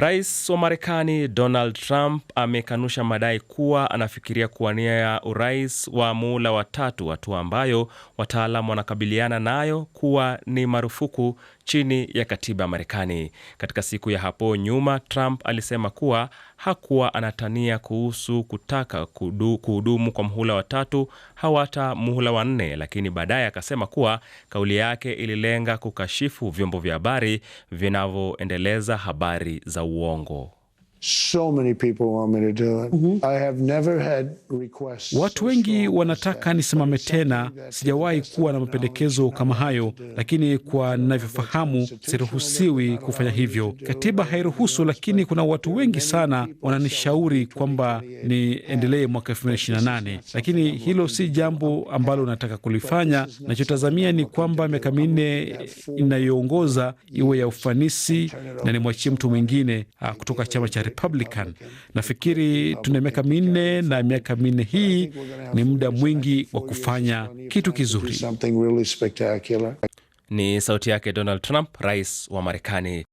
Rais wa Marekani Donald Trump amekanusha madai kuwa anafikiria kuwania urais wa muula wa tatu, hatua ambayo wataalam wanakabiliana nayo kuwa ni marufuku chini ya katiba ya Marekani. Katika siku ya hapo nyuma, Trump alisema kuwa hakuwa anatania kuhusu kutaka kuhudumu kwa mhula wa tatu hawata muhula wa nne, lakini baadaye akasema kuwa kauli yake ililenga kukashifu vyombo vya habari vinavyoendeleza habari za uongo. So many people want me to do it. Mm-hmm. I have never had requests. Watu wengi wanataka nisimame tena. Sijawahi kuwa na mapendekezo kama hayo, lakini kwa ninavyofahamu, siruhusiwi kufanya hivyo. Katiba hairuhusu, lakini kuna watu wengi sana wananishauri kwamba niendelee mwaka 2028 lakini hilo si jambo ambalo nataka kulifanya. Nachotazamia ni kwamba miaka minne inayoongoza iwe ya ufanisi na nimwachie mtu mwingine ah, kutoka chama cha Republic Republican. Nafikiri tuna miaka minne na miaka minne hii ni muda mwingi wa kufanya kitu kizuri. Ni sauti yake Donald Trump, rais wa Marekani.